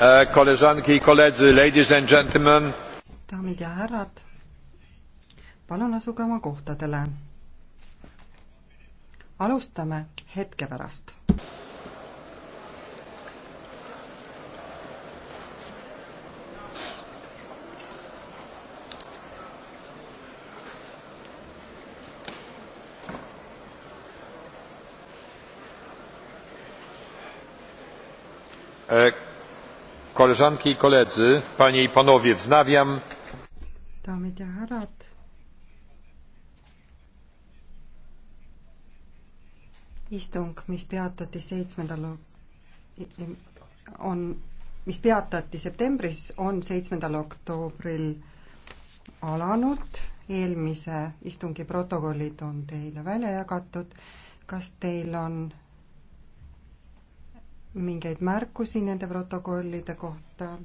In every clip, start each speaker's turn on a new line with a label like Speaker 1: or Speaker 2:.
Speaker 1: E, koleżanki i koledzy, ladies and gentlemen. daamid ja härrad, palun asuge oma kohtadele. alustame hetke pärast. Uh, koleżanki i koledzy panie i panowie wznawiam istung mis peatati seitsmendal on mis peatati septembris on seitsmendal oktoobril alanud eelmise istungi protokollid on teile välja jagatud kas teil on mingeid märkusi nende protokollide kohta.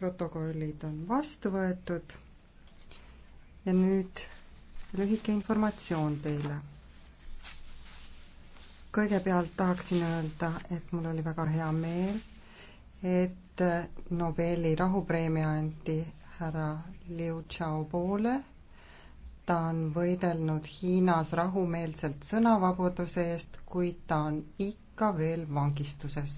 Speaker 1: protokollid on vastu võetud. ja nüüd lühike informatsioon teile. kõigepealt tahaksin öelda, et mul oli väga hea meel, et Nobeli rahupreemia anti härra Liu Xiaoboole ta on võidelnud Hiinas rahumeelselt sõnavabaduse eest, kuid ta on ikka ikka veel vangistuses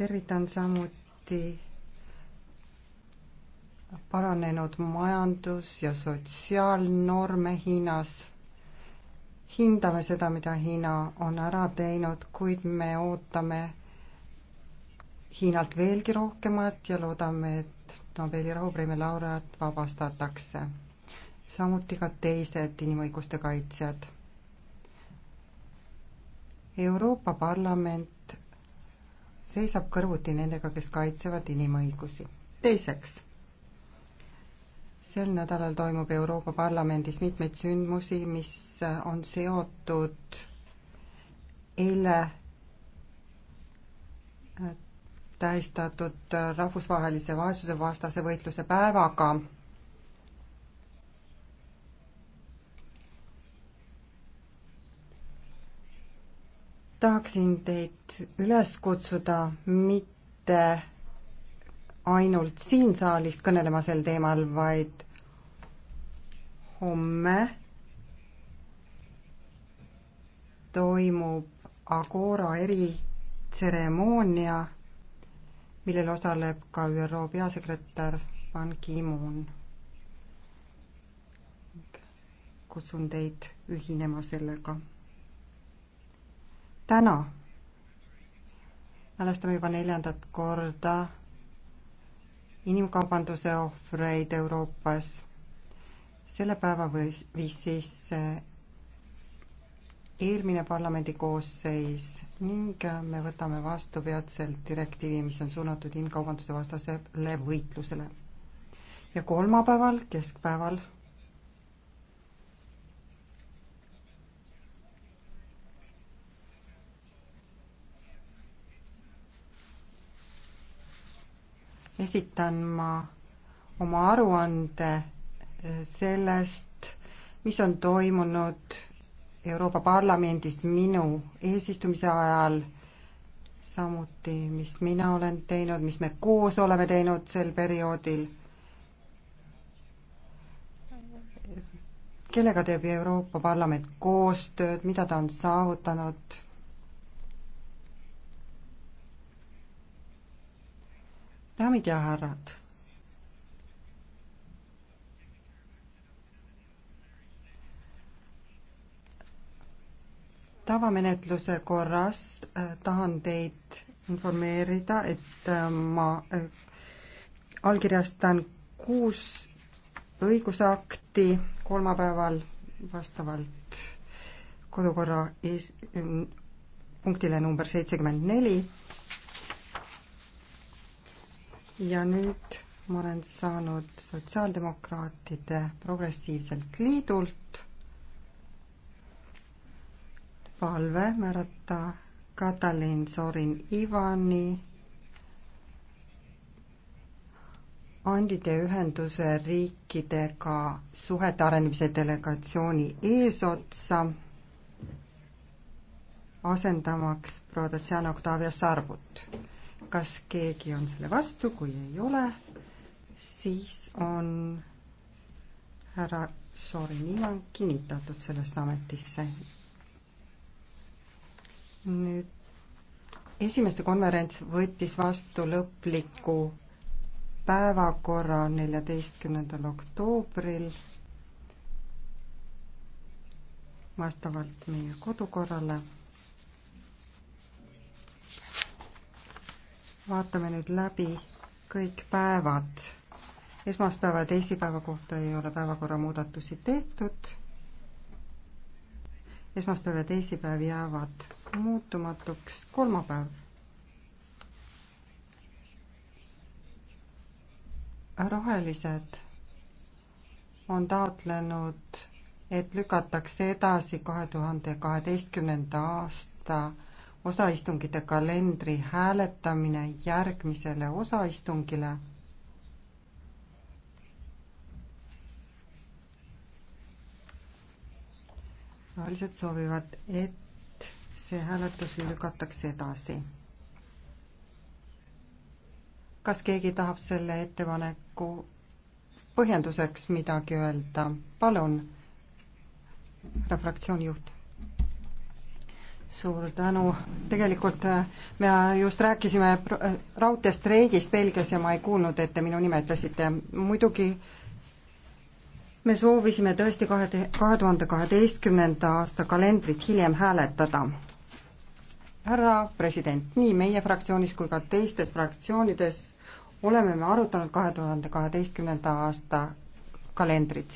Speaker 1: tervitan samuti paranenud majandus- ja sotsiaalnorme Hiinas. hindame seda, mida Hiina on ära teinud, kuid me ootame Hiinalt veelgi rohkemat ja loodame, et Nobeli rahupreemia laureaat vabastatakse samuti ka teised inimõiguste kaitsjad. Euroopa Parlament seisab kõrvuti nendega, kes kaitsevad inimõigusi. teiseks, sel nädalal toimub Euroopa Parlamendis mitmeid sündmusi, mis on seotud eile tähistatud rahvusvahelise vaesusevastase võitluse päevaga tahaksin teid üles kutsuda mitte ainult siin saalis kõnelema sel teemal, vaid homme toimub Agora eritseremoonia, millel osaleb ka ÜRO peasekretär Ban Ki-moon. kutsun teid ühinema sellega täna mälestame juba neljandat korda inimkaubanduse ohvreid Euroopas. selle päeva võis, viis sisse eh, eelmine parlamendi koosseis ning eh, me võtame vastu peatselt direktiivi, mis on suunatud inimkaubanduse vastasele võitlusele. ja kolmapäeval keskpäeval esitan ma oma aruande eh, sellest, mis on toimunud Euroopa Parlamendis minu eesistumise ajal, samuti mis mina olen teinud, mis me koos oleme teinud sel perioodil. kellega teeb Euroopa Parlament koostööd, mida ta on saavutanud daamid ja härrad. tavamenetluse korras äh, tahan teid informeerida, et äh, ma äh, allkirjastan kuus õigusakti kolmapäeval vastavalt kodukorra ees, punktile number seitsekümmend neli ja nüüd ma olen saanud Sotsiaaldemokraatide Progressiivselt Liidult palve määrata Katalin Sorin Ivani andide ühenduse riikidega suhete arendamise delegatsiooni eesotsa asendamaks Prodasiana Octavia Sarvut kas keegi on selle vastu, kui ei ole, siis on härra Sorin Ivan kinnitatud sellesse ametisse. nüüd esimeste konverents võttis vastu lõpliku päevakorra neljateistkümnendal oktoobril vastavalt meie kodukorrale vaatame nüüd läbi kõik päevad. esmaspäeva ja teisipäeva kohta ei ole päevakorra muudatusi tehtud. esmaspäev ja teisipäev jäävad muutumatuks. kolmapäev. rohelised on taotlenud, et lükatakse edasi kahe tuhande kaheteistkümnenda aasta osaistungite kalendri hääletamine järgmisele osaistungile. tavaliselt soovivad, et see hääletus lükatakse edasi. kas keegi tahab selle ettepaneku põhjenduseks midagi öelda? palun, härra fraktsiooni juht suur tänu, tegelikult äh, me just rääkisime äh, raudteestreigist Belgias ja ma ei kuulnud, et te minu nime ütlesite, muidugi me soovisime tõesti kahe, kahe tuhande kaheteistkümnenda aasta kalendrit hiljem hääletada. härra president, nii meie fraktsioonis kui ka teistes fraktsioonides oleme me arutanud kahe tuhande kaheteistkümnenda aasta kalendrit.